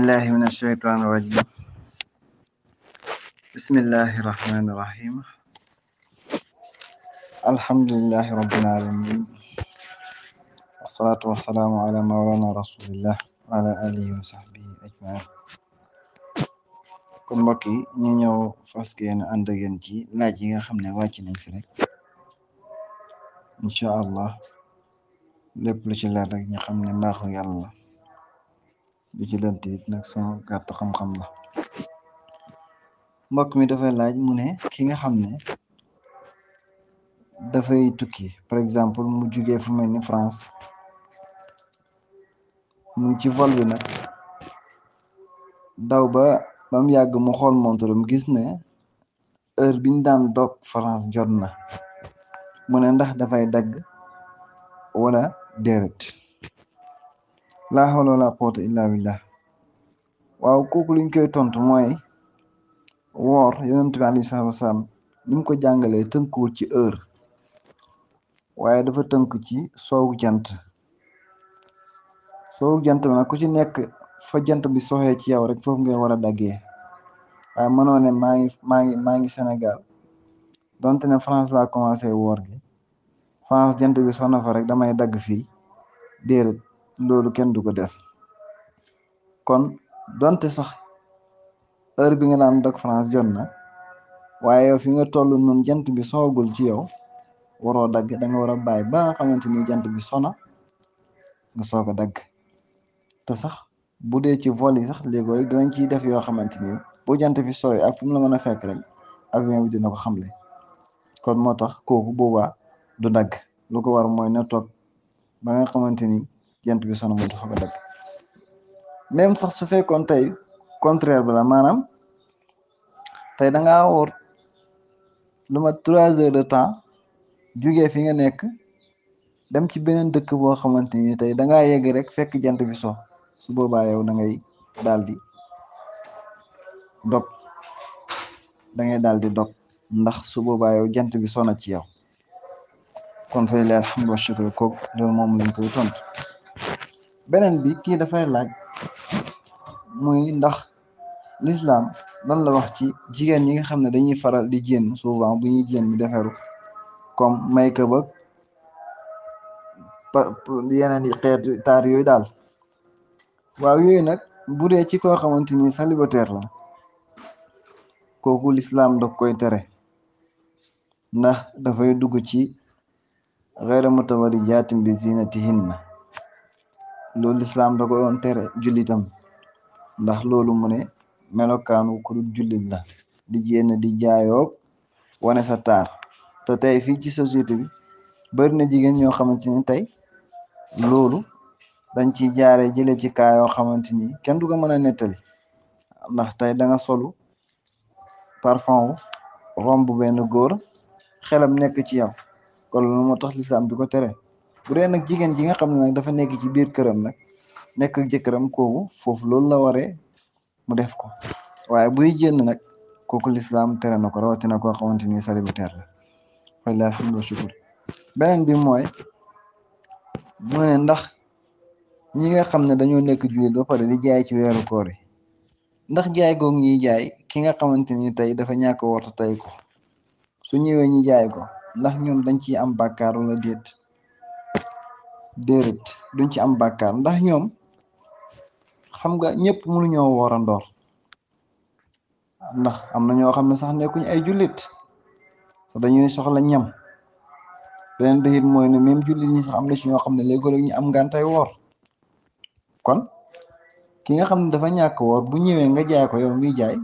بالله من الشيطان الرجيم بسم الله الرحمن الرحيم الحمد لله رب العالمين والصلاة والسلام على مولانا رسول الله وعلى آله وصحبه أجمعين kon mbokk yi ñu ñëw fas yéene ànd ak yéen ci laaj yi nga xam ne wàcc nañ fi rek incha allah lépp lu ci leer rek ñu xam ne mbaaxu yàlla la bi ci lënt it nag sama gàtt xam-xam la mbokk mi dafay laaj mu ne ki nga xam ne dafay tukki par exemple mu jugee fu mel ni France mu ci vol bi nag daw ba ba mu yàgg mu xool montre mu gis ne heure biñ daan doog France jot na mu ne ndax dafay dagg wala deret laa hawla wala quwwata illa billah waaw kooku luñ koy tontu mooy woor yonent bi alayhi salaatu wasalaam ni mu ko jàngalee tënkuwul ci heure waaye dafa tënk ci soowu jant soowu jant nag ku ci nekk fa jant bi soxee ci yow rek foofu ngay war a daggee waaye mënoo ne maa ngi maa ngi maa ngi Sénégal donte ne France laa commencé woor gi France jant bi soxna fa rek damay dagg fii déedéet loolu kenn du ko def kon donte sax heure bi nga naan dog France jot na waaye yow fi nga toll noonu jant bi soogul ci yow waroo dagg da nga war a bàyyi ba xamante ni jant bi sona nga soog a dagg te sax bu dee ci vol yi sax léegoo rek dinañ ciy def yoo xamante ni bu jant bi sooy ak fu mu a fekk rek avion bi dina xam xamle kon moo tax kooku boobaa du dagg lu ko war mooy na toog ba nga xamante ni. jant bi sono mu dafa ko dagg même sax su fekkoon tey contraire bi la maanaam tey da ngaa woor ma trois heures de temps jugee fi nga nekk dem ci beneen dëkk boo xamante ni tey da ngaa yegg rek fekk jant bi so su boobaa yow da ngay daal di dog da ngay di dog ndax su boobaa yow jant bi so na ci yow kon fay leer alhamdu wa shukru kooku loolu lañ koy tontu. beneen bi kii dafay laaj muy ndax lislaam lan la wax ci jigéen ñi nga xam ne dañuy faral di jénn souvent bu ñuy jénn deferu comme make-up ak yeneen yi taar yooyu daal waaw yooyu nag bu ci koo xamante ni célibataire la kooku lislaam da koy tere ndax dafay dugg ci xeyra mutawarrijaatin bi ziinatihinna loolu lislaam da ko doon tere jullitam ndax loolu mu ne melokaanu ku julit la di génn di jaayoog wane sa taar te tey fii ci société bi bari na jigéen ñoo xamante ni tey loolu dañ ci jaare jële ci kaa yoo xamante ni kenn du ko mën a nettali ndax tey danga solu parfum wu romb benn góor xelam nekk ci yow kon loolu moo tax lislaam di ko tere bu dee nag jigéen ji nga xam ne nag dafa nekk ci biir këram nag nekk ak jëkkëram kooku foofu loolu la waree mu def ko waaye bu génn nag kooku lislaam tere na ko rawatina koo xamante ni célibataire la walla alhamdu shukur beneen bi mooy mu ne ndax ñi nga xam ne dañoo nekk jullit ba pare di jaay ci weeru koor yi ndax jaay googu ñuy jaay ki nga xamante ni tey dafa ñàkk a woote ko su ñëwee ñi jaay ko ndax ñoom dañ ciy am bàkkaar wala déet déedéet duñ ci am bàkkaar ndax ñoom xam nga ñëpp mënuñoo woor andoor ndax am na ñoo xam ne sax nekkuñ ay julit te dañuy soxla ñam beneen bi it mooy ne même jullit ñi sax am na ci ñoo xam ne léegi ñu am ngantay woor kon ki nga xam ne dafa ñàkk woor bu ñëwee nga jaay ko yow miy jaay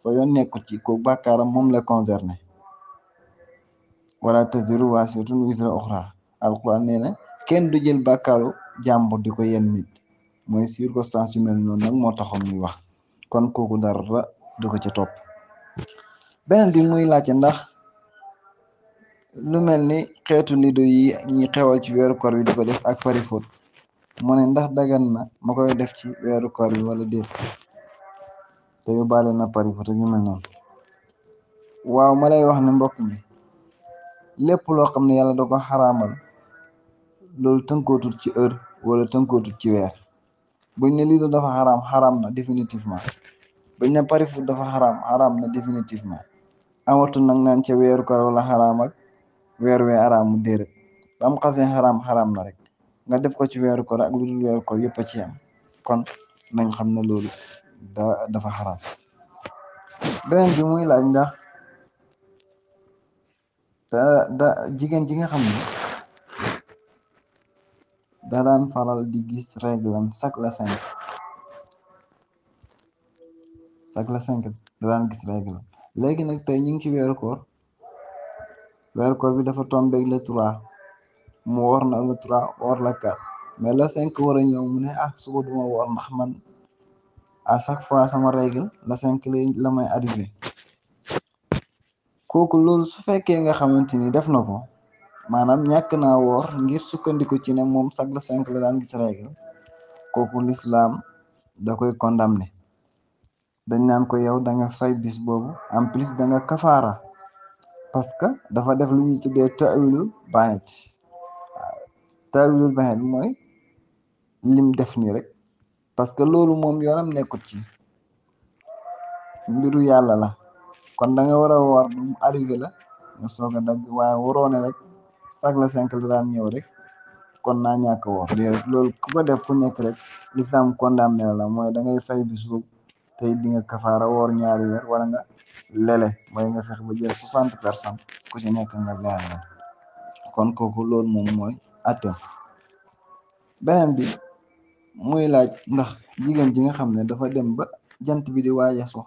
soo yoon nekku ci ko bàkkaaram moom la concerné wala taziru waasiratun wisra uxra alquran nee na kenn du jël bàkkaaru jàmbur di ko yenn nit mooy circonstance yu mel noonu nag moo taxoon muy wax kon kooku dara du ko ci topp beneen bi muy laajte ndax lu mel ni xeetu lido yi ñi xewal ci weeru koor bi di ko def ak fari foot mu ne ndax dagan na ma koy def ci weeru koor bi wala déet te yu baale na pari foot yu mel noonu waaw ma lay wax ne mbokk mi lépp loo xam ne yàlla da ko loolu tënkootul ci heure wala tënkootul ci weer buñ ne lido dafa xaraam xaraam na définitivement buñ ne pari dafa xaraam xaraam na définitivement amatul nag naan weeru koor wala weer wee araamu déedéet ba am xasee xaraam xaraam na rek nga def ko ci weeru koor ak lu dul weeru koor a ci am kon nañ xam ne loolu da dafa xaraam beneen bi muy ndax da da jigéen ji nga xam ne da daan faral di gis réglam chaque la cinq chaque la cinq da gis réglam léegi nag tey ñu ngi ci weeru koor bi dafa tombeeg le trois mu woor na le trois woor la mais la cinq war a ñëw mu ne ah suba duma woor ndax man à chaque fois sama règle la cinq la la may arrivé kooku loolu su fekkee nga xamante ni def na ko maanaam ñàkk naa woor ngir sukkandiku ci ne moom chaque le cinq la daan gis règle kooku l'islam da koy condamné dañ naan ko yow da nga fay bis boobu en plus da nga kafaara parce que dafa def lu ñuy tuddee tawilul banet waaw tawilul banet mooy lim def nii rek parce que loolu moom yoonam nekkut ci mbiru yàlla la kon da war a woor bu mu arrivé la a dagg waaye waroo rek sac la cinq la daan rek kon naa ñàkk a woor léegi loolu ku ko def ku nekk rek lislaam condamné la mooy da ngay fay bis boobu tey di nga kafaara woor ñaari weer wala nga lele mooy nga fex ba jël soixante personnes ku ci nekk nga leer la kon kooku lool moom mooy atem beneen bi muy laaj ndax jigéen ji nga xam ne dafa dem ba jant bi di waaja so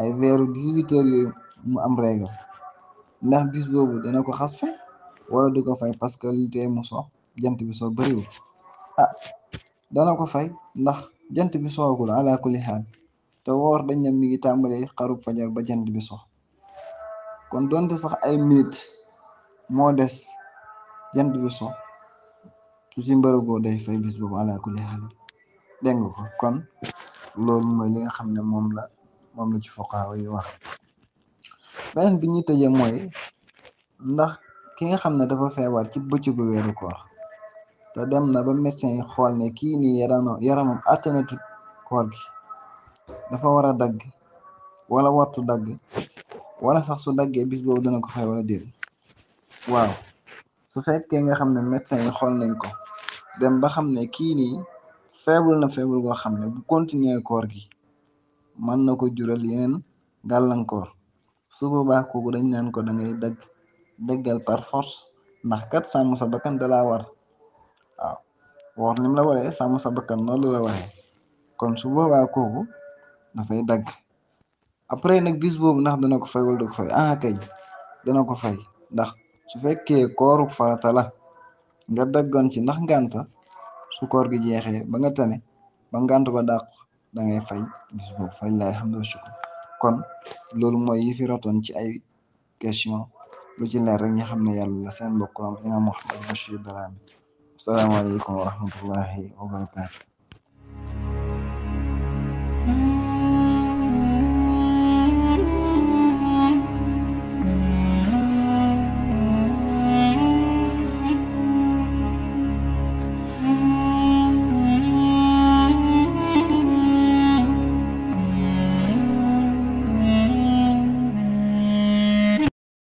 ay weeru dix-huit mu am règle ndax bis boobu dana ko xas fay wala du ko fay parce que li tey jant bi soo bëriwul ah ko fay ndax jant bi soogul ala kulli te woor dañ ne mi ngi tàmbalee xarub fajar ba jant bi kon donte sax ay minutes moo des jant bi so su ci mbërëgoo day boobu ala kulli xaal dégg nga ko kon loolu mooy li xam ne moom la moom la ci foqaaw yi wax beneen bi ñu tëjee mooy ndax ki nga xam ne dafa feebar ci bëccëgu weeru koor te dem na ba médecin yi xool ne kii nii yarano yaramam attanatu koor gi dafa war a dagg wala wartu dagg wala sax su daggee bis boobu dana ko fay wala déet waaw su fekkee nga xam ne médecin yi xool nañ ko dem ba xam ne kii nii feebul na feebul goo xam ne bu continuer koor gi mën na ko jural yeneen gàllankoor su boobaa kooku dañ naan ko da ngay dagg daggal par force ndax kat sàmm sa bakkan da laa war waaw woor nim la waree sàmm sa bakkan noonu la waxee kon su boobaa kooku dafay dagg après nag bis boobu ndax dana ko fay wala du ko fay ah kay dana ko fay ndax su fekkee kooru farata la nga daggoon ci ndax ngànta su koor gi jeexee ba nga tane ba ngànt ba dàq da ngay fay bis boobu fay laay xam doo kon loolu mooy yi fi ci ay question lu ci leer rek ñu xam ne yàlla la seen mbokk imam Mouhamed Bachir Darame asalaamaaleykum wa rahmatullahi wa barakatu